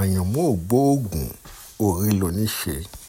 àyànmú ògbóògùn òrí ló ní í ṣe